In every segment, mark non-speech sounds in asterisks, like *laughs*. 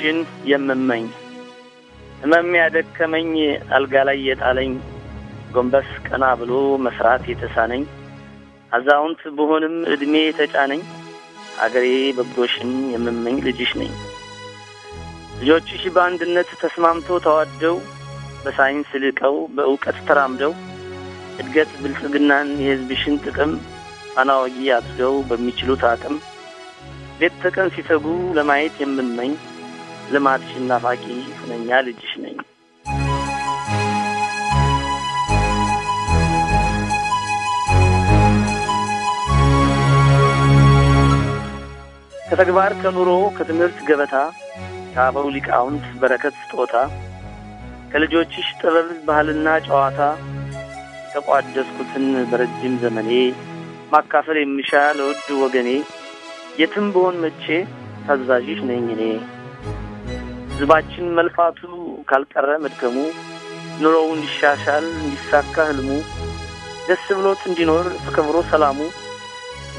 ፍቅርሽን የምመኝ ህመም ያደከመኝ አልጋ ላይ የጣለኝ ጎንበስ ቀና ብሎ መስራት የተሳነኝ አዛውንት ብሆንም እድሜ የተጫነኝ አገሬ በጎሽን የምመኝ ልጅሽ ነኝ። ልጆችሽ በአንድነት ተስማምተው ተዋደው በሳይንስ ልቀው በእውቀት ተራምደው እድገት ብልጽግናን የህዝብሽን ጥቅም ፋና አድርገው በሚችሉት አቅም ሌት ተቀን ሲተጉ ለማየት የምመኝ ልማድሽን ናፋቂ ሁነኛ ልጅሽ ነኝ። ከተግባር ከኑሮ ከትምህርት ገበታ ከአበው ሊቃውንት በረከት ስጦታ ከልጆችሽ ጥበብ ባህልና ጨዋታ የተቋደስኩትን በረጅም ዘመኔ ማካፈል የሚሻ ለውድ ወገኔ የትም ብሆን መቼ ታዛዥሽ ነኝ እኔ። ህዝባችን መልፋቱ ካልቀረ መድከሙ ኑሮው እንዲሻሻል እንዲሳካ ህልሙ ደስ ብሎት እንዲኖር ተከብሮ ሰላሙ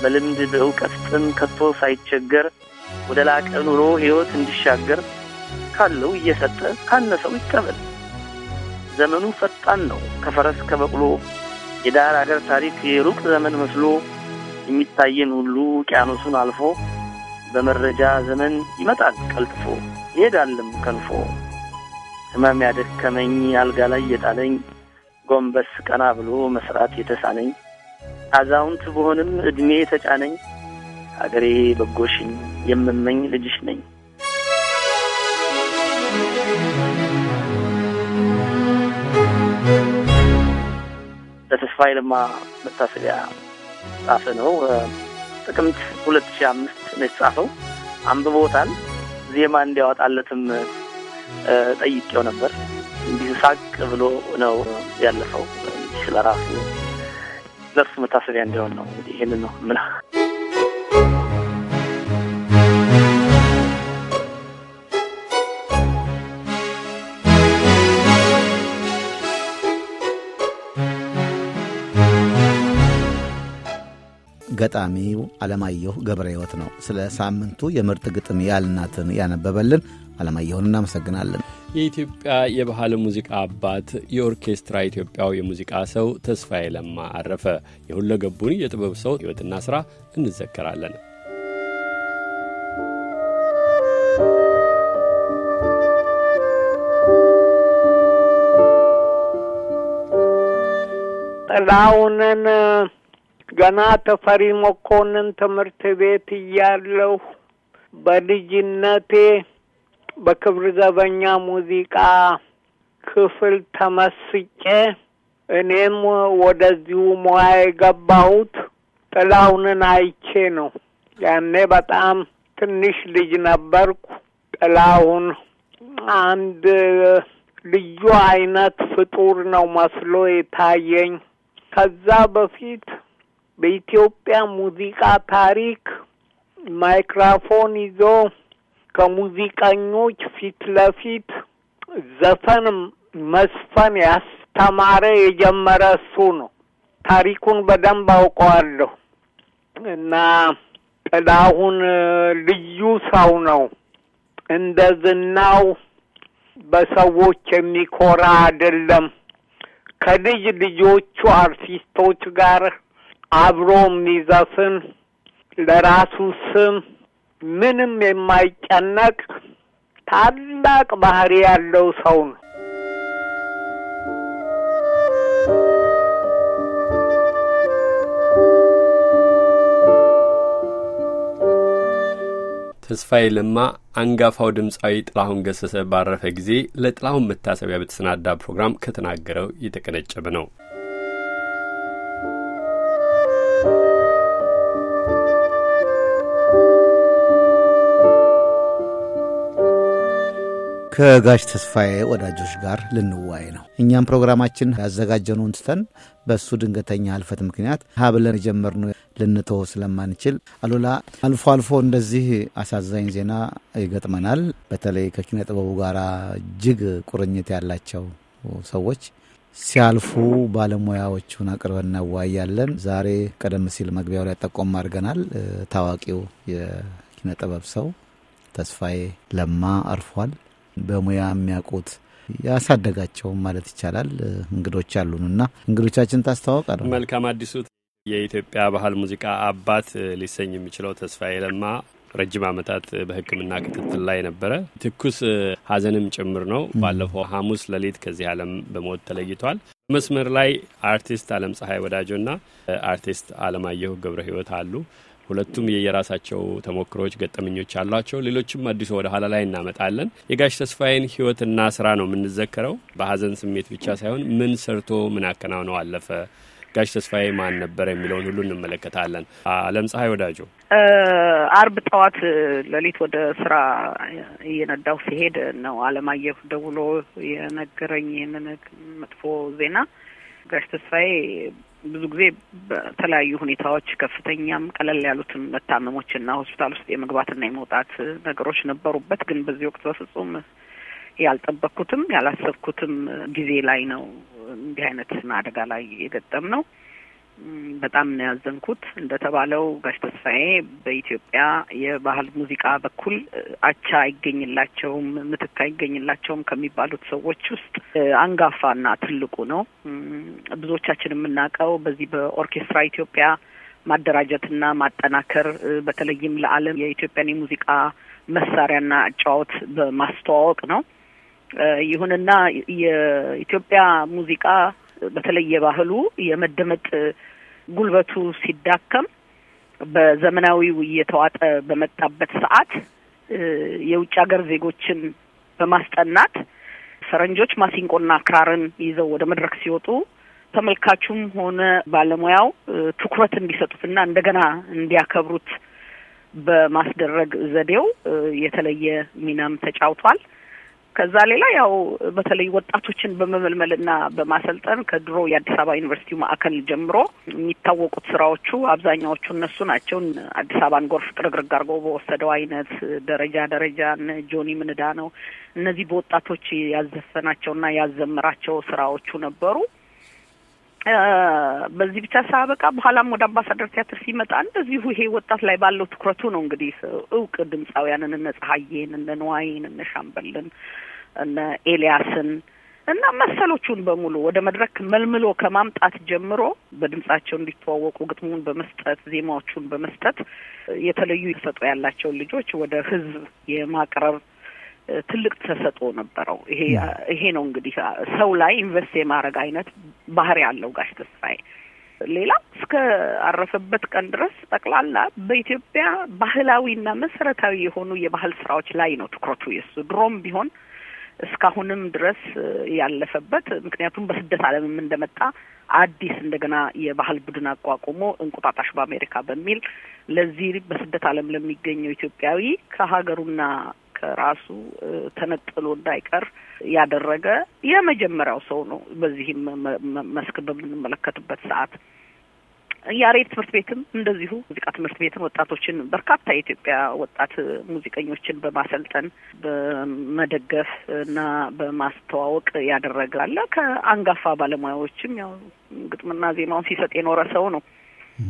በልምድ በእውቀት ጥም ከቶ ሳይቸገር ወደ ላቀ ኑሮ ሕይወት እንዲሻገር ካለው እየሰጠ ካነሰው ይቀበል። ዘመኑ ፈጣን ነው ከፈረስ ከበቅሎ የዳር አገር ታሪክ የሩቅ ዘመን መስሎ የሚታየን ሁሉ ቅያኖሱን አልፎ በመረጃ ዘመን ይመጣል ቀልጥፎ ይሄዳልም ከንፎ ህመም ያደከመኝ አልጋ ላይ የጣለኝ ጎንበስ ቀና ብሎ መስራት የተሳነኝ አዛውንት ብሆንም እድሜ ተጫነኝ ሀገሬ በጎሽኝ የምመኝ ልጅሽ ነኝ። ለተስፋዬ ለማ መታሰቢያ ጻፈ ነው። ጥቅምት ሁለት ሺህ አምስት ነው የተጻፈው። አንብቦታል። ዜማ እንዲያወጣለትም ጠይቄው ነበር። እንዲህ ሳቅ ብሎ ነው ያለፈው። ስለራሱ ለእርሱ መታሰቢያ እንዲሆን ነው እንግዲህ ይህንን ነው ምና ገጣሚው አለማየሁ ገብረ ሕይወት ነው። ስለ ሳምንቱ የምርጥ ግጥም ያልናትን ያነበበልን አለማየሁን እናመሰግናለን። የኢትዮጵያ የባህል ሙዚቃ አባት የኦርኬስትራ ኢትዮጵያው የሙዚቃ ሰው ተስፋዬ ለማ አረፈ። የሁለገቡን የጥበብ ሰው ሕይወትና ሥራ እንዘከራለን። ጥላውንን ገና ተፈሪ መኮንን ትምህርት ቤት እያለሁ በልጅነቴ በክብር ዘበኛ ሙዚቃ ክፍል ተመስጬ እኔም ወደዚሁ ሙያ የገባሁት ጥላሁንን አይቼ ነው። ያኔ በጣም ትንሽ ልጅ ነበርኩ። ጥላሁን አንድ ልዩ አይነት ፍጡር ነው መስሎ የታየኝ። ከዛ በፊት በኢትዮጵያ ሙዚቃ ታሪክ ማይክራፎን ይዞ ከሙዚቀኞች ፊት ለፊት ዘፈን መስፈን ያስተማረ የጀመረ እሱ ነው። ታሪኩን በደንብ አውቀዋለሁ እና ጥላሁን ልዩ ሰው ነው። እንደ ዝናው በሰዎች የሚኮራ አይደለም። ከልጅ ልጆቹ አርቲስቶች ጋር አብሮ የሚዘፍን ለራሱ ስም ምንም የማይጨነቅ ታላቅ ባህሪ ያለው ሰው ነው። ተስፋዬ ለማ አንጋፋው ድምፃዊ ጥላሁን ገሰሰ ባረፈ ጊዜ ለጥላሁን መታሰቢያ በተሰናዳ ፕሮግራም ከተናገረው የተቀነጨበ ነው። ከጋሽ ተስፋዬ ወዳጆች ጋር ልንዋይ ነው። እኛም ፕሮግራማችን ያዘጋጀነውን ትተን በእሱ ድንገተኛ ህልፈት ምክንያት ሀብለን የጀመርነው ልንተው ስለማንችል አሉላ፣ አልፎ አልፎ እንደዚህ አሳዛኝ ዜና ይገጥመናል። በተለይ ከኪነ ጥበቡ ጋር እጅግ ቁርኝት ያላቸው ሰዎች ሲያልፉ ባለሙያዎቹን አቅርበን እናዋያለን። ዛሬ ቀደም ሲል መግቢያው ላይ ጠቆም አድርገናል። ታዋቂው የኪነ ጥበብ ሰው ተስፋዬ ለማ አርፏል። በሙያ የሚያውቁት ያሳደጋቸውም ማለት ይቻላል እንግዶች አሉንና እንግዶቻችን ታስተዋውቃለ። መልካም አዲሱ የኢትዮጵያ ባህል ሙዚቃ አባት ሊሰኝ የሚችለው ተስፋዬ ለማ ረጅም ዓመታት በሕክምና ክትትል ላይ ነበረ። ትኩስ ሐዘንም ጭምር ነው። ባለፈው ሐሙስ ሌሊት ከዚህ ዓለም በሞት ተለይቷል። መስመር ላይ አርቲስት አለም ፀሐይ ወዳጆና አርቲስት አለማየሁ ገብረ ሕይወት አሉ። ሁለቱም የየራሳቸው ተሞክሮዎች፣ ገጠመኞች አሏቸው። ሌሎችም አዲሱ ወደ ኋላ ላይ እናመጣለን። የጋሽ ተስፋዬን ህይወትና ስራ ነው የምንዘከረው። በሀዘን ስሜት ብቻ ሳይሆን ምን ሰርቶ ምን አከናውነው አለፈ፣ ጋሽ ተስፋዬ ማን ነበረ የሚለውን ሁሉ እንመለከታለን። አለም ፀሐይ ወዳጆ አርብ ጠዋት ሌሊት ወደ ስራ እየነዳሁ ሲሄድ ነው አለማየሁ ደውሎ የነገረኝ ይህንን መጥፎ ዜና። ጋሽ ተስፋዬ ብዙ ጊዜ በተለያዩ ሁኔታዎች ከፍተኛም ቀለል ያሉትን መታመሞችና ሆስፒታል ውስጥ የመግባትና የመውጣት ነገሮች ነበሩበት። ግን በዚህ ወቅት በፍጹም ያልጠበቅኩትም ያላሰብኩትም ጊዜ ላይ ነው እንዲህ አይነት አደጋ ላይ የገጠም ነው። በጣም ነው ያዘንኩት። እንደተባለው ጋሽ ተስፋዬ በኢትዮጵያ የባህል ሙዚቃ በኩል አቻ አይገኝላቸውም፣ ምትክ አይገኝላቸውም ከሚባሉት ሰዎች ውስጥ አንጋፋና ትልቁ ነው። ብዙዎቻችን የምናውቀው በዚህ በኦርኬስትራ ኢትዮጵያ ማደራጀትና ማጠናከር በተለይም ለዓለም የኢትዮጵያን የሙዚቃ መሳሪያና አጫዋወት በማስተዋወቅ ነው። ይሁንና የኢትዮጵያ ሙዚቃ በተለይ የባህሉ የመደመጥ ጉልበቱ ሲዳከም በዘመናዊው እየተዋጠ በመጣበት ሰዓት የውጭ ሀገር ዜጎችን በማስጠናት ፈረንጆች ማሲንቆና ክራርን ይዘው ወደ መድረክ ሲወጡ ተመልካቹም ሆነ ባለሙያው ትኩረት እንዲሰጡትና እንደገና እንዲያከብሩት በማስደረግ ዘዴው የተለየ ሚናም ተጫውቷል። ከዛ ሌላ ያው በተለይ ወጣቶችን በመመልመልና በማሰልጠን ከድሮ የአዲስ አበባ ዩኒቨርሲቲ ማዕከል ጀምሮ የሚታወቁት ስራዎቹ አብዛኛዎቹ እነሱ ናቸው። አዲስ አበባን ጎርፍ ጥርግርግ አድርጎ በወሰደው አይነት ደረጃ ደረጃ ጆኒ ምንዳ ነው። እነዚህ በወጣቶች ያዘፈናቸውና ያዘምራቸው ስራዎቹ ነበሩ። በዚህ ብቻ ሳበቃ በኋላም ወደ አምባሳደር ቲያትር ሲመጣ እንደዚሁ ይሄ ወጣት ላይ ባለው ትኩረቱ ነው እንግዲህ እውቅ ድምፃውያንን እነ ፀሐዬን፣ እነ ነዋይን፣ እነ ሻምበልን፣ እነ ኤልያስን እና መሰሎቹን በሙሉ ወደ መድረክ መልምሎ ከማምጣት ጀምሮ በድምጻቸው እንዲተዋወቁ ግጥሙን በመስጠት ዜማዎቹን በመስጠት የተለዩ ተሰጥኦ ያላቸውን ልጆች ወደ ህዝብ የማቅረብ ትልቅ ተሰጥኦ ነበረው። ይሄ ይሄ ነው እንግዲህ ሰው ላይ ኢንቨስት የማድረግ አይነት ባህሪ ያለው ጋሽ ተስፋዬ ሌላ እስከ አረፈበት ቀን ድረስ ጠቅላላ በኢትዮጵያ ባህላዊና መሰረታዊ የሆኑ የባህል ስራዎች ላይ ነው ትኩረቱ የሱ ድሮም ቢሆን እስካሁንም ድረስ ያለፈበት። ምክንያቱም በስደት ዓለምም እንደመጣ አዲስ እንደገና የባህል ቡድን አቋቁሞ እንቁጣጣሽ በአሜሪካ በሚል ለዚህ በስደት ዓለም ለሚገኘው ኢትዮጵያዊ ከሀገሩና ከራሱ ተነጥሎ እንዳይቀር ያደረገ የመጀመሪያው ሰው ነው። በዚህም መስክ በምንመለከትበት ሰዓት ያሬድ ትምህርት ቤትም እንደዚሁ ሙዚቃ ትምህርት ቤትም ወጣቶችን በርካታ የኢትዮጵያ ወጣት ሙዚቀኞችን በማሰልጠን በመደገፍ እና በማስተዋወቅ ያደረገ አለ። ከአንጋፋ ባለሙያዎችም ያው ግጥምና ዜማውን ሲሰጥ የኖረ ሰው ነው።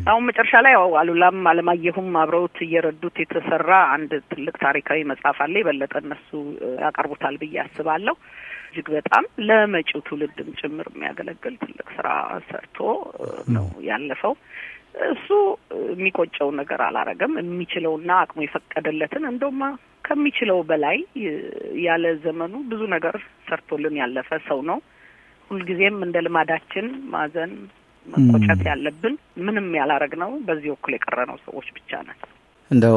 አሁን መጨረሻ ላይ ያው አሉላም አለማየሁም አብረውት እየረዱት የተሰራ አንድ ትልቅ ታሪካዊ መጽሐፍ አለ። የበለጠ እነሱ ያቀርቡታል ብዬ አስባለሁ። እጅግ በጣም ለመጪው ትውልድም ጭምር የሚያገለግል ትልቅ ስራ ሰርቶ ነው ያለፈው። እሱ የሚቆጨው ነገር አላረገም። የሚችለውና አቅሙ የፈቀደለትን እንደውም ከሚችለው በላይ ያለ ዘመኑ ብዙ ነገር ሰርቶልን ያለፈ ሰው ነው። ሁልጊዜም እንደ ልማዳችን ማዘን መቆጨት ያለብን ምንም ያላረግ ነው በዚህ በኩል የቀረነው ሰዎች ብቻ ነን። እንደው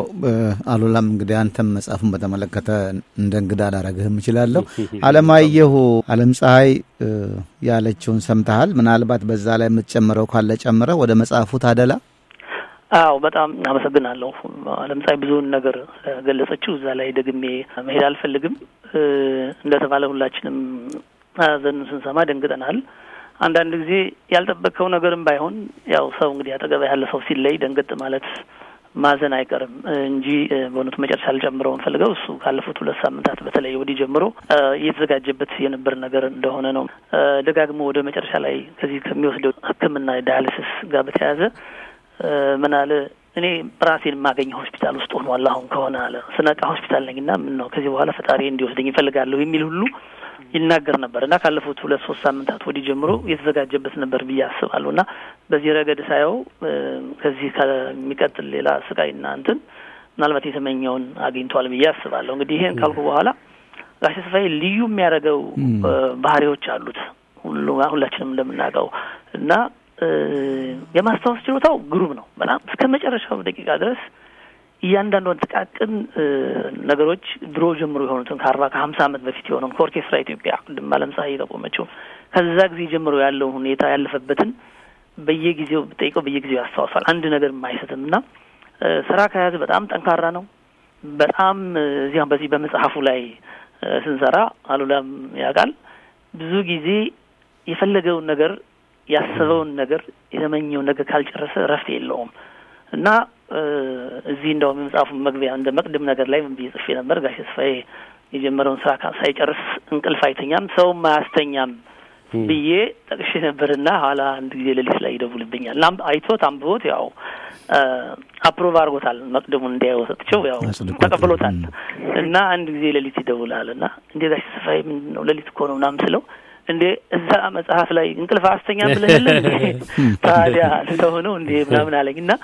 አሉላም እንግዲህ አንተም መጽሐፉን በተመለከተ እንደ እንግዳ አላረግህም እችላለሁ። *laughs* አለማየሁ አለም ፀሐይ ያለችውን ሰምተሃል። ምናልባት በዛ ላይ የምትጨምረው ካለ ጨምረ ወደ መጽሐፉ ታደላ። አዎ በጣም አመሰግናለሁ። አለም ፀሐይ ብዙውን ነገር ገለጸችው። እዛ ላይ ደግሜ መሄድ አልፈልግም። እንደተባለ ሁላችንም ሐዘኑን ስንሰማ ደንግጠናል። አንዳንድ ጊዜ ያልጠበቅከው ነገርም ባይሆን ያው ሰው እንግዲህ አጠገባ ያለ ሰው ሲለይ ደንገጥ ማለት ማዘን አይቀርም እንጂ በእውነቱ መጨረሻ ልጨምረው እንፈልገው እሱ ካለፉት ሁለት ሳምንታት በተለይ ወዲህ ጀምሮ እየተዘጋጀበት የነበር ነገር እንደሆነ ነው። ደጋግሞ ወደ መጨረሻ ላይ ከዚህ ከሚወስደው ሕክምና ዳያልስስ ጋር በተያያዘ ምን አለ እኔ ራሴን የማገኘው ሆስፒታል ውስጥ ሆኗል አሁን ከሆነ አለ ስነቃ ሆስፒታል ነኝና ምን ነው ከዚህ በኋላ ፈጣሪ እንዲወስደኝ ይፈልጋለሁ የሚል ሁሉ ይናገር ነበር እና ካለፉት ሁለት ሶስት ሳምንታት ወዲህ ጀምሮ የተዘጋጀበት ነበር ብዬ አስባለሁ እና በዚህ ረገድ ሳየው ከዚህ ከሚቀጥል ሌላ እና እንትን ምናልባት የተመኘውን አግኝቷል ብዬ አስባለሁ። እንግዲህ ይሄን ካልኩ በኋላ ጋሽ ተስፋዬ ልዩ የሚያደርገው ባህሪዎች አሉት ሁሉ ሁላችንም እንደምናውቀው እና የማስታወስ ችሎታው ግሩም ነው። በጣም እስከ መጨረሻው ደቂቃ ድረስ እያንዳንዱ ጥቃቅን ነገሮች ድሮ ጀምሮ የሆኑትን ከአርባ ከሀምሳ ዓመት በፊት የሆነውን ከኦርኬስትራ ኢትዮጵያ ቅድም ባለም እየጠቆመችው ከዛ ጊዜ ጀምሮ ያለውን ሁኔታ ያለፈበትን በየጊዜው ብጠይቀው በየጊዜው ያስታውሳል። አንድ ነገር የማይሰጥም እና ስራ ከያዘ በጣም ጠንካራ ነው። በጣም እዚያም በዚህ በመጽሐፉ ላይ ስንሰራ አሉላም ያውቃል። ብዙ ጊዜ የፈለገውን ነገር ያሰበውን ነገር የተመኘውን ነገር ካልጨረሰ እረፍት የለውም እና እዚህ እንደውም የመጽሐፉ መግቢያ እንደ መቅድም ነገር ላይ ምን ብዬ ጽፌ ነበር ጋሽ ተስፋዬ የጀመረውን ስራ ሳይጨርስ እንቅልፍ አይተኛም ሰውም አያስተኛም ብዬ ጠቅሼ ነበርና ኋላ አንድ ጊዜ ሌሊት ላይ ይደውልብኛል እና አይቶት አንብቦት ያው አፕሮቭ አድርጎታል። መቅደሙን እንዲያየው ሰጥቼው ያው ተቀብሎታል። እና አንድ ጊዜ ሌሊት ይደውላል እና እንዴ ጋሽ ተስፋዬ ምንድን ነው ሌሊት እኮ ነው ምናምን ስለው እንዴ እዛ መጽሐፍ ላይ እንቅልፍ አያስተኛም ብለህ የለ ታዲያ ለሆነው እንዴ ምናምን አለኝ እና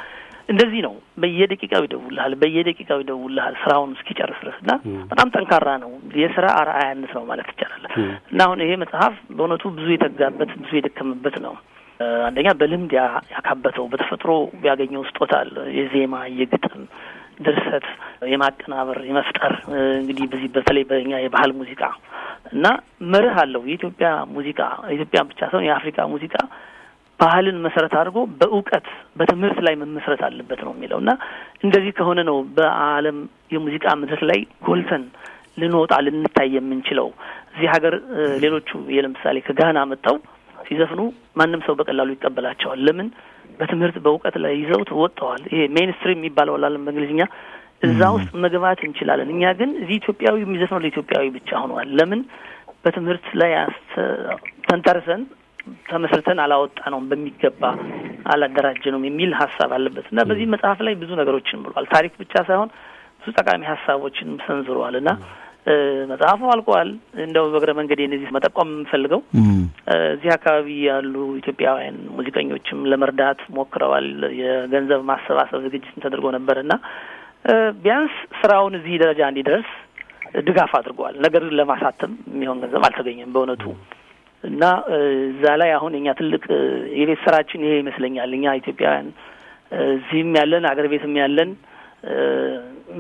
እንደዚህ ነው። በየደቂቃው ይደውልሃል፣ በየደቂቃው ይደውልሃል ስራውን እስኪጨርስ ድረስ እና በጣም ጠንካራ ነው። የስራ አርአያነት ነው ማለት ይቻላል። እና አሁን ይሄ መጽሐፍ በእውነቱ ብዙ የተጋበት ብዙ የደከመበት ነው። አንደኛ በልምድ ያካበተው በተፈጥሮ ያገኘው ስጦታ አለ። የዜማ የግጥም ድርሰት የማቀናበር የመፍጠር እንግዲህ በዚህ በተለይ በኛ የባህል ሙዚቃ እና መርህ አለው። የኢትዮጵያ ሙዚቃ ኢትዮጵያን ብቻ ሳይሆን የአፍሪካ ሙዚቃ ባህልን መሰረት አድርጎ በእውቀት በትምህርት ላይ መመስረት አለበት ነው የሚለው እና እንደዚህ ከሆነ ነው በዓለም የሙዚቃ መድረክ ላይ ጎልተን ልንወጣ ልንታይ የምንችለው። እዚህ ሀገር ሌሎቹ ለምሳሌ ከጋና መጥተው ሲዘፍኑ ማንም ሰው በቀላሉ ይቀበላቸዋል። ለምን? በትምህርት በእውቀት ላይ ይዘውት ወጥተዋል። ይሄ ሜንስትሪም የሚባለው አላለም በእንግሊዝኛ እዛ ውስጥ መግባት እንችላለን። እኛ ግን እዚህ ኢትዮጵያዊ የሚዘፍነው ለኢትዮጵያዊ ብቻ ሆነዋል። ለምን? በትምህርት ላይ ተንተርሰን ተመስርተን ነው። በሚገባ አላደራጀነውም የሚል ሀሳብ አለበት እና በዚህ መጽሐፍ ላይ ብዙ ነገሮችን ብሏል። ታሪክ ብቻ ሳይሆን ብዙ ጠቃሚ ሀሳቦችን ሰንዝሯል እና መጽሐፉ አልቋል። እንደው በእግረ መንገድ እነዚህ መጠቆም የምንፈልገው እዚህ አካባቢ ያሉ ኢትዮጵያውያን ሙዚቀኞችም ለመርዳት ሞክረዋል። የገንዘብ ማሰባሰብ ዝግጅትም ተደርጎ ነበር እና ቢያንስ ስራውን እዚህ ደረጃ እንዲደርስ ድጋፍ አድርገዋል። ነገር ለማሳተም የሚሆን ገንዘብ አልተገኘም በእውነቱ እና እዛ ላይ አሁን እኛ ትልቅ የቤት ስራችን ይሄ ይመስለኛል። እኛ ኢትዮጵያውያን እዚህም ያለን አገር ቤትም ያለን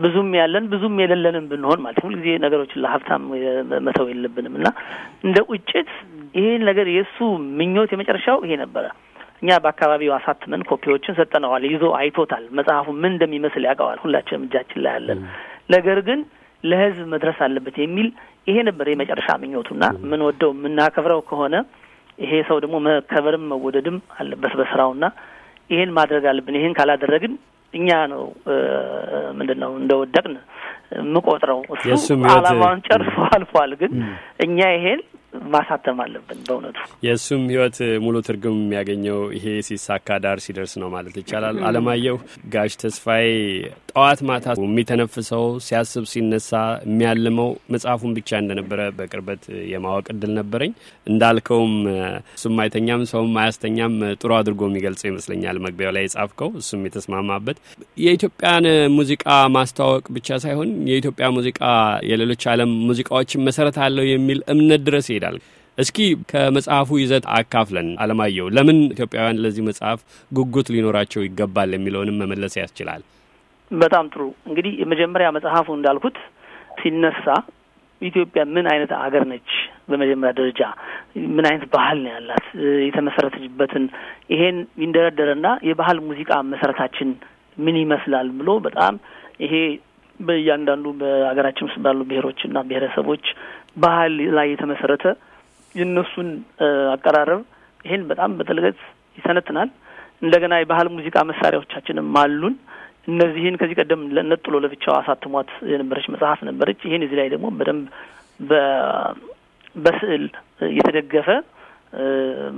ብዙም ያለን ብዙም የሌለንም ብንሆን ማለት ሁል ነገሮችን ለሀብታም መተው የለብንም እና እንደ ቁጭት ይሄን ነገር የእሱ ምኞት የመጨረሻው ይሄ ነበረ። እኛ በአካባቢው አሳትመን ኮፒዎችን ሰጠነዋል። ይዞ አይቶታል። መጽሐፉ ምን እንደሚመስል ያውቀዋል። ሁላችንም እጃችን ላይ አለን። ነገር ግን ለህዝብ መድረስ አለበት የሚል ይሄ ነበር የመጨረሻ ምኞቱና ምን ወደው የምናከብረው ከሆነ ይሄ ሰው ደግሞ መከበርም መወደድም አለበት በስራውና ይሄን ማድረግ አለብን። ይሄን ካላደረግን እኛ ነው ምንድን ነው እንደ ወደቅን የምቆጥረው። እሱ አላማውን ጨርሶ አልፏል። ግን እኛ ይሄን ማሳተም አለብን። በእውነቱ የእሱም ህይወት ሙሉ ትርጉም የሚያገኘው ይሄ ሲሳካ ዳር ሲደርስ ነው ማለት ይቻላል። አለማየሁ ጋሽ ተስፋዬ ጠዋት ማታ የሚተነፍሰው ሲያስብ ሲነሳ የሚያልመው መጽሐፉን ብቻ እንደነበረ በቅርበት የማወቅ እድል ነበረኝ። እንዳልከውም እሱም አይተኛም ሰውም አያስተኛም ጥሩ አድርጎ የሚገልጸው ይመስለኛል መግቢያው ላይ የጻፍከው እሱም የተስማማበት የኢትዮጵያን ሙዚቃ ማስተዋወቅ ብቻ ሳይሆን የኢትዮጵያ ሙዚቃ የሌሎች ዓለም ሙዚቃዎችን መሰረት አለው የሚል እምነት ድረስ ይሄዳል። እስኪ ከመጽሐፉ ይዘት አካፍለን አለማየሁ፣ ለምን ኢትዮጵያውያን ለዚህ መጽሐፍ ጉጉት ሊኖራቸው ይገባል የሚለውንም መመለስ ያስችላል። በጣም ጥሩ እንግዲህ የመጀመሪያ መጽሐፉ እንዳልኩት ሲነሳ ኢትዮጵያ ምን አይነት አገር ነች? በመጀመሪያ ደረጃ ምን አይነት ባህል ነው ያላት? የተመሰረተችበትን ይሄን ይንደረደረና የባህል ሙዚቃ መሰረታችን ምን ይመስላል ብሎ በጣም ይሄ በእያንዳንዱ በሀገራችን ውስጥ ባሉ ብሔሮችና ብሔረሰቦች ባህል ላይ የተመሰረተ የእነሱን አቀራረብ ይሄን በጣም በጥልቀት ይሰነትናል። እንደገና የባህል ሙዚቃ መሳሪያዎቻችንም አሉን እነዚህን ከዚህ ቀደም ለነጥሎ ለብቻው አሳትሟት የነበረች መጽሐፍ ነበረች። ይህን እዚህ ላይ ደግሞ በደንብ በስዕል የተደገፈ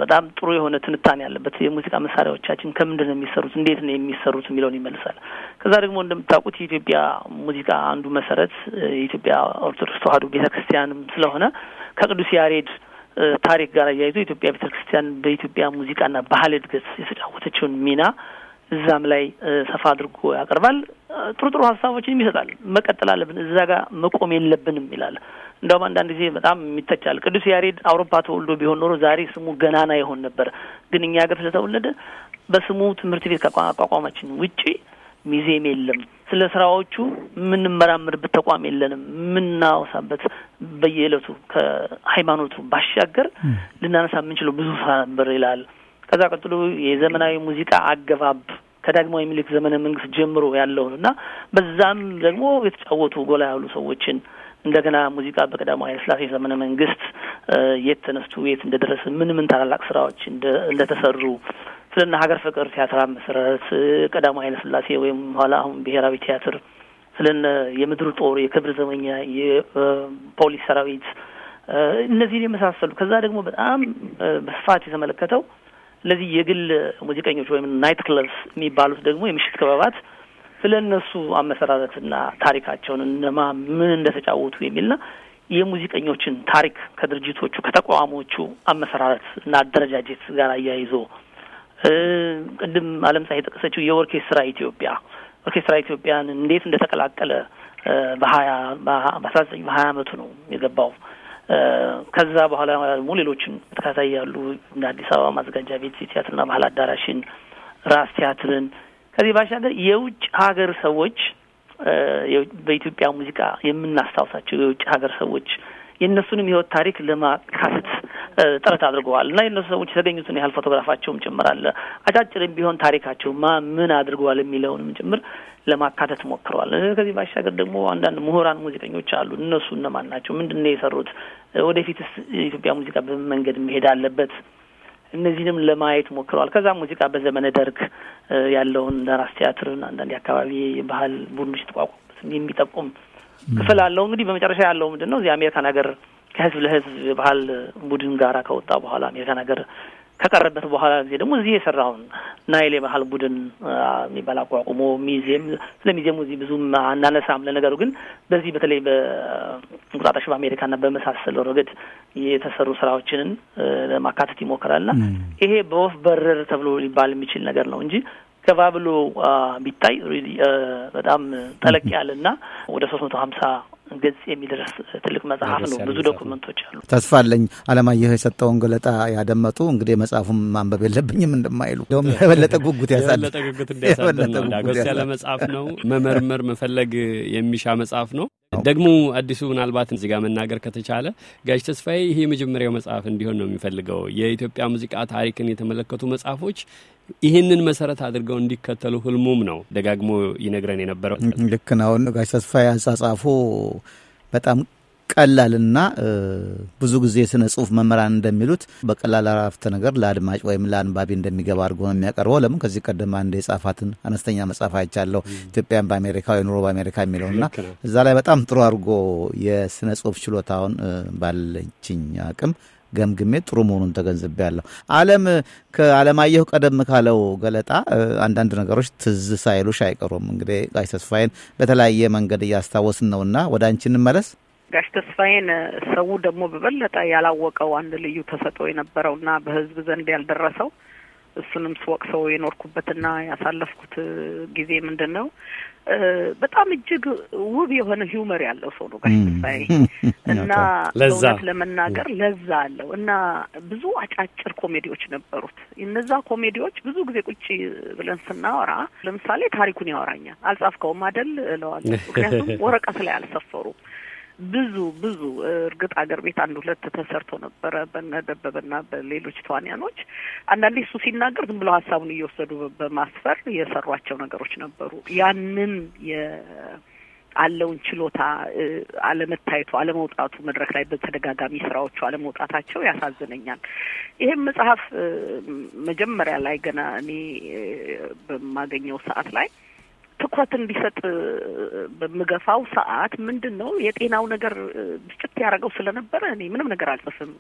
በጣም ጥሩ የሆነ ትንታኔ ያለበት የሙዚቃ መሳሪያዎቻችን ከምንድን ነው የሚሰሩት፣ እንዴት ነው የሚሰሩት የሚለውን ይመልሳል። ከዛ ደግሞ እንደምታውቁት የኢትዮጵያ ሙዚቃ አንዱ መሰረት የኢትዮጵያ ኦርቶዶክስ ተዋሕዶ ቤተ ክርስቲያንም ስለሆነ ከቅዱስ ያሬድ ታሪክ ጋር አያይዞ ኢትዮጵያ ቤተ ክርስቲያን በኢትዮጵያ ሙዚቃና ባህል እድገት የተጫወተችውን ሚና እዛም ላይ ሰፋ አድርጎ ያቀርባል። ጥሩ ጥሩ ሀሳቦችን ይሰጣል። መቀጠል አለብን፣ እዛ ጋር መቆም የለብንም ይላል። እንደውም አንዳንድ ጊዜ በጣም የሚተቻል ቅዱስ ያሬድ አውሮፓ ተወልዶ ቢሆን ኖሮ ዛሬ ስሙ ገናና ይሆን ነበር። ግን እኛ ሀገር ስለተወለደ በስሙ ትምህርት ቤት ከቋቋማችን ውጪ ሚዜም የለም። ስለ ስራዎቹ የምንመራምርበት ተቋም የለንም። የምናወሳበት በየእለቱ ከሃይማኖቱ ባሻገር ልናነሳ የምንችለው ብዙ ስራ ነበር ይላል። ከዛ ቀጥሎ የዘመናዊ ሙዚቃ አገባብ ከዳግማዊ ምኒልክ ዘመነ መንግስት ጀምሮ ያለውን እና በዛም ደግሞ የተጫወቱ ጎላ ያሉ ሰዎችን እንደገና ሙዚቃ በቀዳማዊ ኃይለ ሥላሴ ዘመነ መንግስት የት ተነስቱ የት እንደደረሰ ምን ምን ታላላቅ ስራዎች እንደተሰሩ ስለና ሀገር ፍቅር ቲያትራ መሰረት ቀዳማዊ ኃይለ ሥላሴ ወይም ኋላ አሁን ብሔራዊ ቲያትር ስለነ የምድር ጦር፣ የክብር ዘመኛ የፖሊስ ሰራዊት እነዚህን የመሳሰሉ ከዛ ደግሞ በጣም በስፋት የተመለከተው ስለዚህ የግል ሙዚቀኞች ወይም ናይት ክለብስ የሚባሉት ደግሞ የምሽት ክበባት ስለ እነሱ አመሰራረትና ታሪካቸውን እነማ ምን እንደተጫወቱ የሚልና የሙዚቀኞችን ታሪክ ከድርጅቶቹ ከተቋሞቹ አመሰራረት እና አደረጃጀት ጋር አያይዞ ቅድም አለም ፀሐይ የጠቀሰችው የኦርኬስትራ ኢትዮጵያ ኦርኬስትራ ኢትዮጵያን እንዴት እንደተቀላቀለ በሀያ በአስራ ዘጠኝ በሀያ አመቱ ነው የገባው ከዛ በኋላ ደግሞ ሌሎችም ተከታታይ ያሉ እንደ አዲስ አበባ ማዘጋጃ ቤት ቲያትርና ባህል አዳራሽን፣ ራስ ቲያትርን ከዚህ ባሻገር የውጭ ሀገር ሰዎች በኢትዮጵያ ሙዚቃ የምናስታውሳቸው የውጭ ሀገር ሰዎች የእነሱንም ህይወት ታሪክ ለማካተት ጥረት አድርገዋል እና የእነሱ ሰዎች የተገኙትን ያህል ፎቶግራፋቸውም ጭምር አለ። አጫጭርም ቢሆን ታሪካቸው ማ ምን አድርገዋል የሚለውንም ጭምር ለማካተት ሞክረዋል። ከዚህ ባሻገር ደግሞ አንዳንድ ምሁራን ሙዚቀኞች አሉ። እነሱ እነማን ናቸው? ምንድን ነው የሰሩት? ወደፊትስ የኢትዮጵያ ሙዚቃ በምን መንገድ መሄድ አለበት? እነዚህንም ለማየት ሞክረዋል። ከዛ ሙዚቃ በዘመነ ደርግ ያለውን ለራስ ቲያትርን አንዳንድ የአካባቢ የባህል ቡድኖች የተቋቋሙበትን የሚጠቁም ክፍል አለው። እንግዲህ በመጨረሻ ያለው ምንድን ነው እዚህ አሜሪካን ሀገር ከህዝብ ለህዝብ የባህል ቡድን ጋራ ከወጣ በኋላ አሜሪካን ነገር ከቀረበት በኋላ ጊዜ ደግሞ እዚህ የሰራውን ናይል የባህል ቡድን የሚባል አቋቁሞ ሚዚየም፣ ስለ ሚዚየሙ እዚህ ብዙም አናነሳም። ለነገሩ ግን በዚህ በተለይ በእንቁጣጣሽ በአሜሪካና በመሳሰለው ረገድ የተሰሩ ስራዎችንን ለማካተት ይሞክራል እና ይሄ በወፍ በረር ተብሎ ሊባል የሚችል ነገር ነው እንጂ ገባ ብሎ ቢታይ በጣም ጠለቅ ያለና ወደ ሶስት መቶ ሀምሳ ገጽ የሚል የሚደርስ ትልቅ መጽሐፍ ነው። ብዙ ዶኩመንቶች አሉ። ተስፋ አለኝ አለማየሁ የሰጠውን ገለጣ ያደመጡ እንግዲህ መጽሐፉም ማንበብ የለብኝም እንደማይሉ እንደውም የበለጠ ጉጉት ያሳል የበለጠ ጉጉት ያሳል። ዳጎስ ያለ መጽሐፍ ነው። መመርመር መፈለግ የሚሻ መጽሐፍ ነው። ደግሞ አዲሱ ምናልባት እዚህ ጋር መናገር ከተቻለ ጋሽ ተስፋዬ ይሄ የመጀመሪያው መጽሐፍ እንዲሆን ነው የሚፈልገው። የኢትዮጵያ ሙዚቃ ታሪክን የተመለከቱ መጽሐፎች ይህንን መሰረት አድርገው እንዲከተሉ ህልሙም ነው። ደጋግሞ ይነግረን የነበረው ልክ ነው። ጋሽ ተስፋዬ አጻጻፉ በጣም ቀላልና ብዙ ጊዜ ስነ ጽሁፍ መምህራን እንደሚሉት በቀላል አረፍተ ነገር ለአድማጭ ወይም ለአንባቢ እንደሚገባ አድርጎ ነው የሚያቀርበው። ለምን ከዚህ ቀደም አንድ የጻፋትን አነስተኛ መጽሐፍ አይቻለሁ፣ ኢትዮጵያን በአሜሪካ ወይ ኑሮ በአሜሪካ የሚለውና እዛ ላይ በጣም ጥሩ አድርጎ የስነ ጽሁፍ ችሎታውን ባለችኝ አቅም ገምግሜ ጥሩ መሆኑን ተገንዝቤያለሁ። አለም ከአለማየሁ ቀደም ካለው ገለጣ አንዳንድ ነገሮች ትዝ ሳይሉሽ አይቀሩም። እንግዲህ ጋሽ ተስፋዬን በተለያየ መንገድ እያስታወስን ነውና ወደ አንቺ እንመለስ። ጋሽ ተስፋዬን ሰው ደግሞ በበለጠ ያላወቀው አንድ ልዩ ተሰጥኦ የነበረው እና በህዝብ ዘንድ ያልደረሰው እሱንም ስወቅሰው የኖርኩበትና ያሳለፍኩት ጊዜ ምንድን ነው፣ በጣም እጅግ ውብ የሆነ ሂውመር ያለው ሰው ነው ጋሽ ተስፋዬ *laughs* እና እውነት ለመናገር ለዛ አለው እና ብዙ አጫጭር ኮሜዲዎች ነበሩት። እነዛ ኮሜዲዎች ብዙ ጊዜ ቁጭ ብለን ስናወራ፣ ለምሳሌ ታሪኩን ያወራኛል። አልጻፍከውም አደል እለዋለሁ፣ ምክንያቱም ወረቀት ላይ አልሰፈሩም። ብዙ ብዙ እርግጥ አገር ቤት አንድ ሁለት ተሰርቶ ነበረ በነደበበና በሌሎች ተዋንያኖች። አንዳንዴ እሱ ሲናገር ዝም ብለው ሀሳቡን እየወሰዱ በማስፈር የሰሯቸው ነገሮች ነበሩ። ያንን አለውን ችሎታ አለመታየቱ፣ አለመውጣቱ መድረክ ላይ በተደጋጋሚ ስራዎቹ አለመውጣታቸው ያሳዝነኛል። ይህም መጽሐፍ መጀመሪያ ላይ ገና እኔ በማገኘው ሰዓት ላይ ትኩረት እንዲሰጥ በምገፋው ሰዓት ምንድን ነው የጤናው ነገር ብስጭት ያደረገው ስለነበረ እኔ ምንም ነገር አልጽፍም፣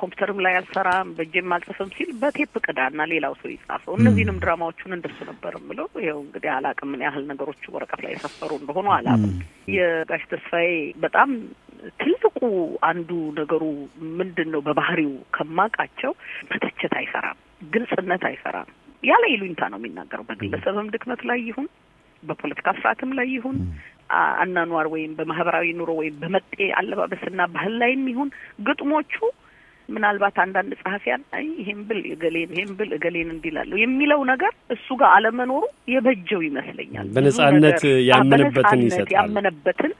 ኮምፒውተርም ላይ አልሰራም፣ በእጄም አልጽፍም ሲል በቴፕ እና ሌላው ሰው ይጻፈው። እነዚህንም ድራማዎቹን እንደሱ ነበር ምለው። ይኸው እንግዲህ አላቅም ምን ያህል ነገሮች ወረቀት ላይ የሰፈሩ እንደሆኑ አላቅም። የጋሽ ተስፋዬ በጣም ትልቁ አንዱ ነገሩ ምንድን ነው በባህሪው ከማቃቸው መተቸት አይሰራም፣ ግልጽነት አይሰራም። ያለ ይሉኝታ ነው የሚናገረው። በግለሰብም ድክመት ላይ ይሁን በፖለቲካ ስርዓትም ላይ ይሁን አናኗር ወይም በማህበራዊ ኑሮ ወይም በመጤ አለባበስና ባህል ላይም ይሁን ግጥሞቹ ምናልባት አንዳንድ ጸሐፊያን ይሄን ብል እገሌን ይሄን ብል እገሌን እንዲላለሁ የሚለው ነገር እሱ ጋር አለመኖሩ የበጀው ይመስለኛል። በነጻነት ያመነበትን ይሰጣል። ያመነበትን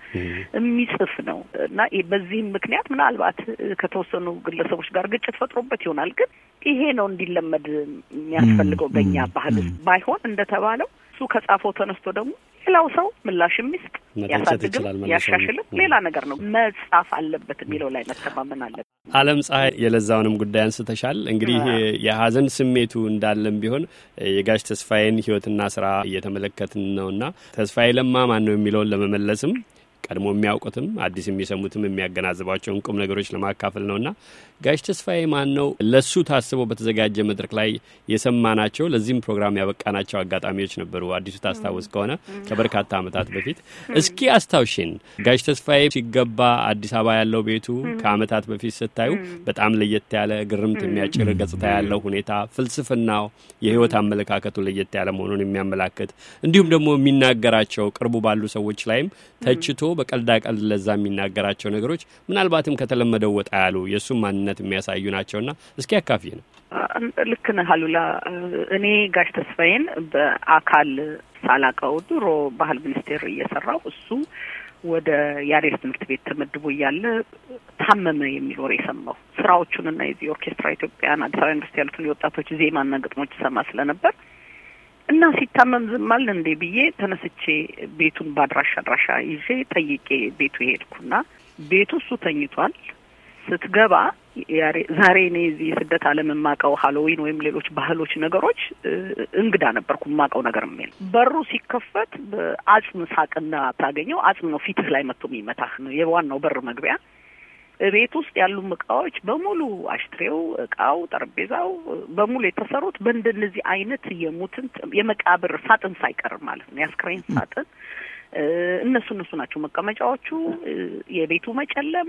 የሚጽፍ ነው እና በዚህም ምክንያት ምናልባት ከተወሰኑ ግለሰቦች ጋር ግጭት ፈጥሮበት ይሆናል። ግን ይሄ ነው እንዲለመድ የሚያስፈልገው በእኛ ባህል ባይሆን እንደተባለው እሱ ከጻፈው ተነስቶ ደግሞ ሌላው ሰው ምላሽ ይስጥ፣ ያሳድግም፣ ያሻሽልም ሌላ ነገር ነው መጻፍ አለበት የሚለው ላይ መተማመን አለበት። አለም ፀሐይ የለዛውንም ጉዳይ አንስተሻል። እንግዲህ የሀዘን ስሜቱ እንዳለም ቢሆን የጋሽ ተስፋዬን ህይወትና ስራ እየተመለከትን ነውና ተስፋዬ ለማ ማን ነው የሚለውን ለመመለስም ቀድሞ የሚያውቁትም አዲስ የሚሰሙትም የሚያገናዝባቸውን ቁም ነገሮች ለማካፈል ነውና ጋሽ ተስፋዬ ማን ነው ለሱ ታስቦ በተዘጋጀ መድረክ ላይ የሰማናቸው ለዚህም ፕሮግራም ያበቃናቸው አጋጣሚዎች ነበሩ። አዲሱ ታስታውስ ከሆነ ከበርካታ ዓመታት በፊት እስኪ አስታውሽን። ጋሽ ተስፋዬ ሲገባ አዲስ አበባ ያለው ቤቱ ከዓመታት በፊት ስታዩ በጣም ለየት ያለ ግርምት የሚያጭር ገጽታ ያለው ሁኔታ ፍልስፍናው፣ የህይወት አመለካከቱ ለየት ያለ መሆኑን የሚያመላክት እንዲሁም ደግሞ የሚናገራቸው ቅርቡ ባሉ ሰዎች ላይም ተችቶ በቀልዳ ቀልድ ለዛ የሚናገራቸው ነገሮች ምናልባትም ከተለመደው ወጣ ያሉ የእሱም ማንነት የሚያሳዩ ናቸውና እስኪ አካፊ ነው። ልክ ነህ አሉላ። እኔ ጋሽ ተስፋዬን በአካል ሳላቀው ድሮ ባህል ሚኒስቴር እየሰራው እሱ ወደ ያሬድ ትምህርት ቤት ተመድቦ እያለ ታመመ የሚል ወሬ የሰማሁ ስራዎቹንና የዚህ ኦርኬስትራ ኢትዮጵያን አዲስ አበባ ዩኒቨርሲቲ ያሉትን የወጣቶች ዜማና ግጥሞች ሰማ ስለነበር እና ሲታመም ዝማል እንዴ ብዬ ተነስቼ ቤቱን በአድራሻ አድራሻ ይዤ ጠይቄ ቤቱ ሄድኩና ቤቱ እሱ ተኝቷል። ስትገባ ዛሬ እኔ እዚህ ስደት ዓለም የማውቀው ሀሎዊን ወይም ሌሎች ባህሎች ነገሮች እንግዳ ነበርኩ። የማውቀው ነገር የሚል በሩ ሲከፈት በአጽም ሳቅና ታገኘው አጽም ነው ፊትህ ላይ መጥቶ የሚመታህ። የዋናው በር መግቢያ ቤት ውስጥ ያሉ እቃዎች በሙሉ አሽትሬው፣ እቃው፣ ጠረጴዛው በሙሉ የተሰሩት በእንደነዚህ አይነት የሙትን የመቃብር ሳጥን ሳይቀር ማለት ነው የአስክሬን ሳጥን እነሱ እነሱ ናቸው መቀመጫዎቹ። የቤቱ መጨለም፣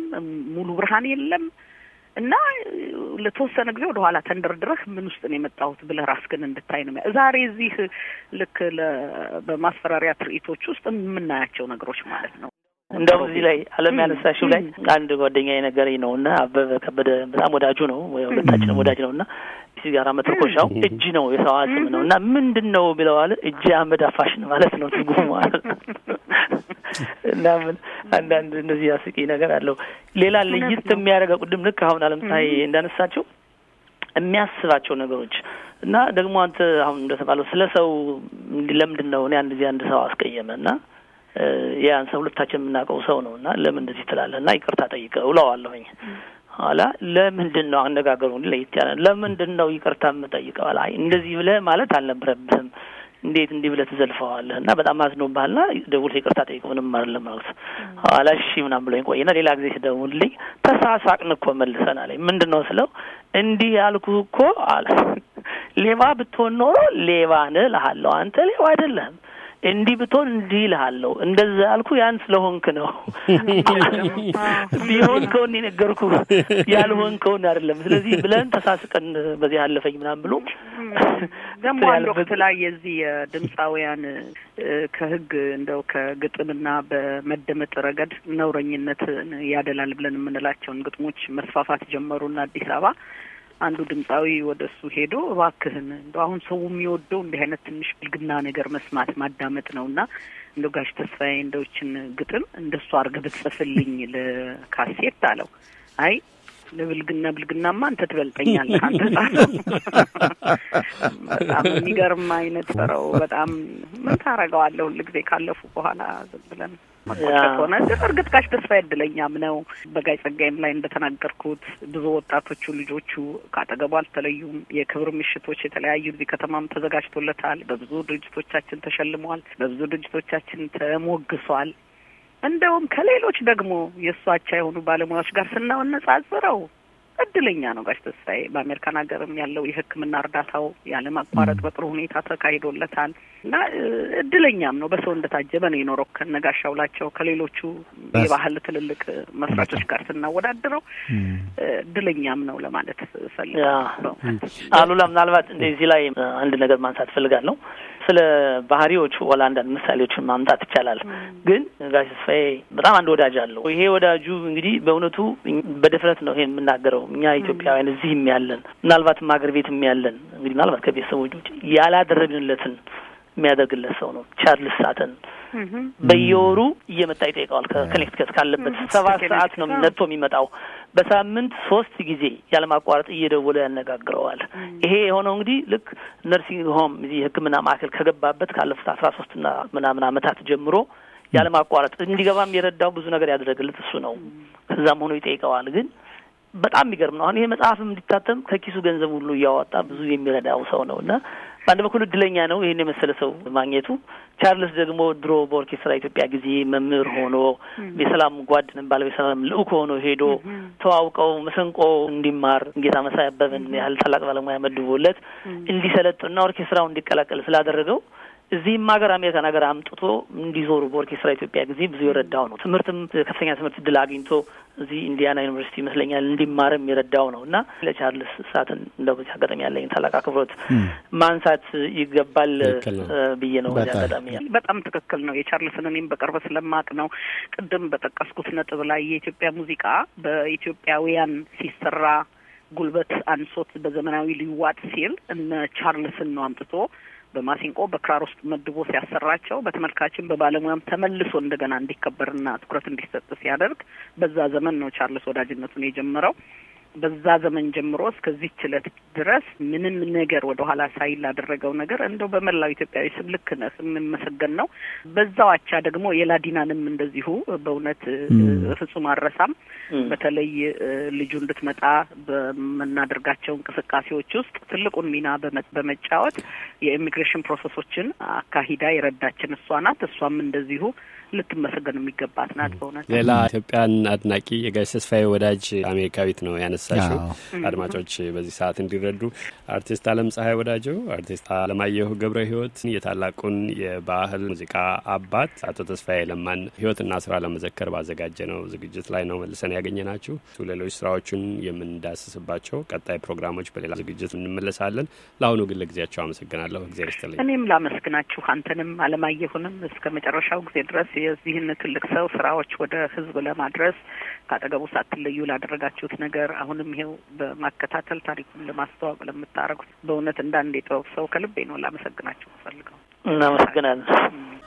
ሙሉ ብርሃን የለም እና ለተወሰነ ጊዜ ወደ ኋላ ተንደርድረህ ምን ውስጥ ነው የመጣሁት ብለህ ራስህን እንድታይ ነው። ዛሬ እዚህ ልክ በማስፈራሪያ ትርኢቶች ውስጥ የምናያቸው ነገሮች ማለት ነው። እንደውም እዚህ ላይ አለም ያነሳሽው ላይ አንድ ጓደኛ የነገረኝ ነው እና አበበ ከበደ በጣም ወዳጁ ነው፣ ሁለታችንም ወዳጅ ነው እና ሲጋራ መተኮሻው እጅ ነው የሰዋ ስም ነው እና ምንድን ነው ብለዋል። እጅ አህመድ አፋሽን ማለት ነው ትርጉሙ ማለት እና ምን አንዳንድ እነዚህ አስቂ ነገር አለው። ሌላ ለይት የሚያደርገው ቅድም ልክ አሁን አለም ፀሐይ እንዳነሳቸው የሚያስባቸው ነገሮች እና ደግሞ አንተ አሁን እንደተባለው ስለ ሰው ለምንድን ነው እኔ አንድ ጊዜ አንድ ሰው አስቀየመ እና ያን ሰው ሁለታችን የምናውቀው ሰው ነው እና ለምን እንደዚህ ትላለህ? እና ይቅርታ ጠይቀ እለዋለሁኝ። ኋላ ለምንድን ነው አነጋገሩ ለየት ያለ ለምንድን ነው ይቅርታ የምጠይቀው? አይ እንደዚህ ብለህ ማለት አልነበረብህም እንዴት እንዲህ ብለህ ትዘልፈዋለህ? እና በጣም አዝኖብሃልና ደውልህ ይቅርታ ጠይቅ። ምንም አይደለም ማለት ኋላ እሺ ምናምን ብሎኝ ቆይና ሌላ ጊዜ ሲደውልልኝ ተሳሳቅን እኮ መልሰን አለኝ። ምንድን ነው ስለው እንዲህ ያልኩህ እኮ አለ ሌባ ብትሆን ኖሮ ሌባ ነህ እልሃለሁ። አንተ ሌባ አይደለህም እንዲህ ብትሆን እንዲህ ይልሃለሁ። እንደዛ አልኩ ያን ስለሆንክ ነው። ቢሆን ከሆን የነገርኩ ያልሆንከውን አይደለም። ስለዚህ ብለን ተሳስቀን በዚህ አለፈኝ ምናምን ብሎ ደግሞ አንድ ወቅት ላይ የዚህ የድምፃውያን ከህግ እንደው ከግጥምና በመደመጥ ረገድ ነውረኝነት ያደላል ብለን የምንላቸውን ግጥሞች መስፋፋት ጀመሩና አዲስ አበባ አንዱ ድምፃዊ ወደ እሱ ሄዶ እባክህን እንደ አሁን ሰው የሚወደው እንዲህ አይነት ትንሽ ብልግና ነገር መስማት ማዳመጥ ነው እና እንደ ጋሽ ተስፋዬ እንደዎችን ግጥም እንደሱ አድርገህ ብትጽፍልኝ ለካሴት አለው። አይ ለብልግና ብልግናማ አንተ ትበልጠኛል ከአንተ በጣም የሚገርም አይነት ጥረው በጣም ምን ታረገዋለህ? ሁልጊዜ ካለፉ በኋላ ዝም ብለን መቆጨት ሆነ። እርግጥ ጋሽ ተስፋ ያድለኛም ነው። በጋይ ጸጋይም ላይ እንደተናገርኩት ብዙ ወጣቶቹ ልጆቹ ከአጠገቡ አልተለዩም። የክብር ምሽቶች የተለያዩ እዚህ ከተማም ተዘጋጅቶለታል። በብዙ ድርጅቶቻችን ተሸልሟል። በብዙ ድርጅቶቻችን ተሞግሷል። እንደውም ከሌሎች ደግሞ የሷቻ የሆኑ ባለሙያዎች ጋር ስናነጻጽረው እድለኛ ነው ጋሽ ተስፋዬ። በአሜሪካን ሀገርም ያለው የሕክምና እርዳታው ያለማቋረጥ በጥሩ ሁኔታ ተካሂዶለታል። እና እድለኛም ነው። በሰው እንደታጀበ ነው የኖረው ከነጋሻውላቸው ከሌሎቹ የባህል ትልልቅ መስራቾች ጋር ስናወዳድረው እድለኛም ነው ለማለት ፈልጋለሁ። አሉላ፣ ምናልባት እንደዚህ ላይ አንድ ነገር ማንሳት ፈልጋለሁ። ስለ ባህሪዎቹ ወላ አንዳንድ ምሳሌዎችን ማምጣት ይቻላል። ግን ጋሽ ተስፋዬ በጣም አንድ ወዳጅ አለው። ይሄ ወዳጁ እንግዲህ በእውነቱ በድፍረት ነው ይሄን የምናገረው እኛ ኢትዮጵያውያን እዚህም ያለን ምናልባትም ሀገር ቤትም ያለን እንግዲህ ምናልባት ከቤተሰቦች ውጭ ያላደረግንለትን የሚያደርግለት ሰው ነው ቻርልስ ሳተን። በየወሩ እየመጣ ይጠይቀዋል። ከኮኔክቲከት ካለበት ሰባት ሰዓት ነው ነጥቶ የሚመጣው። በሳምንት ሶስት ጊዜ ያለማቋረጥ እየደወለ ያነጋግረዋል። ይሄ የሆነው እንግዲህ ልክ ነርሲንግ ሆም የሕክምና ማዕከል ከገባበት ካለፉት አስራ ሶስትና ምናምን አመታት ጀምሮ ያለማቋረጥ እንዲገባም የረዳው ብዙ ነገር ያደረግለት እሱ ነው። ከዛም ሆኖ ይጠይቀዋል። ግን በጣም የሚገርም ነው። አሁን ይሄ መጽሐፍም እንዲታተም ከኪሱ ገንዘብ ሁሉ እያወጣ ብዙ የሚረዳው ሰው ነው እና በአንድ በኩል እድለኛ ነው ይህን የመሰለ ሰው ማግኘቱ። ቻርልስ ደግሞ ድሮ በኦርኬስትራ ኢትዮጵያ ጊዜ መምህር ሆኖ የሰላም ጓድ ባለ የሰላም ልዑክ ሆኖ ሄዶ ተዋውቀው መሰንቆ እንዲማር ጌታ መሳይ አበበን ያህል ታላቅ ባለሙያ መድቦለት እንዲሰለጥና ኦርኬስትራው እንዲቀላቀል ስላደረገው እዚህም ሀገር አሜሪካ ነገር አምጥቶ እንዲዞሩ በኦርኬስትራ ኢትዮጵያ ጊዜ ብዙ የረዳው ነው። ትምህርትም ከፍተኛ ትምህርት እድል አግኝቶ እዚህ ኢንዲያና ዩኒቨርሲቲ ይመስለኛል እንዲማርም የረዳው ነው እና ለቻርልስ ሳትን እንደ በዚህ አጋጣሚ ያለኝ ታላቅ አክብሮት ማንሳት ይገባል ብዬ ነው። በዚህ አጋጣሚ በጣም ትክክል ነው። የቻርልስን እኔም በቅርብ ስለማቅ ነው ቅድም በጠቀስኩት ነጥብ ላይ የኢትዮጵያ ሙዚቃ በኢትዮጵያውያን ሲሰራ ጉልበት አንሶት በዘመናዊ ሊዋጥ ሲል እነ ቻርልስን ነው አምጥቶ በማሲንቆ በክራር ውስጥ መድቦ ሲያሰራቸው በተመልካችም በባለሙያም ተመልሶ እንደገና እንዲከበርና ትኩረት እንዲሰጥ ሲያደርግ በዛ ዘመን ነው ቻርልስ ወዳጅነቱን የጀመረው። በዛ ዘመን ጀምሮ እስከዚህ ችለት ድረስ ምንም ነገር ወደ ኋላ ሳይል ላደረገው ነገር እንደው በመላው ኢትዮጵያዊ ስም ልክ ነህ የምመሰገን ነው። በዛው አቻ ደግሞ የላዲናንም እንደዚሁ በእውነት ፍጹም አረሳም። በተለይ ልጁ እንድትመጣ በምናደርጋቸው እንቅስቃሴዎች ውስጥ ትልቁን ሚና በመጫወት የኢሚግሬሽን ፕሮሰሶችን አካሂዳ የረዳችን እሷ ናት። እሷም እንደዚሁ ልትመሰገን የሚገባት ናት በእውነት። ሌላ ኢትዮጵያን አድናቂ የጋሽ ተስፋዬ ወዳጅ አሜሪካዊት ነው ያነሳሽው። አድማጮች በዚህ ሰዓት እንዲረዱ አርቲስት አለም ፀሐይ ወዳጀው አርቲስት አለማየሁ ገብረ ህይወት የታላቁን የባህል ሙዚቃ አባት አቶ ተስፋዬ ለማን ህይወትና ስራ ለመዘከር ባዘጋጀ ነው ዝግጅት ላይ ነው መልሰን ናችሁ። ሌሎች ስራዎቹን የምንዳስስባቸው ቀጣይ ፕሮግራሞች በሌላ ዝግጅት እንመለሳለን። ለአሁኑ ግን ለጊዜያቸው አመሰግናለሁ። እግዚአብሔር ይስጥልኝ። እኔም ላመስግናችሁ አንተንም አለማየሁንም እስከ መጨረሻው ጊዜ ድረስ የዚህን ትልቅ ሰው ስራዎች ወደ ህዝብ ለማድረስ ከአጠገቡ ሳትለዩ ላደረጋችሁት ነገር አሁንም ይሄው በማከታተል ታሪኩን ለማስተዋወቅ ለምታደርጉት በእውነት እንዳንድ የጥበብ ሰው ከልቤ ነው ላመሰግናችሁ ፈልገው። እናመሰግናለን።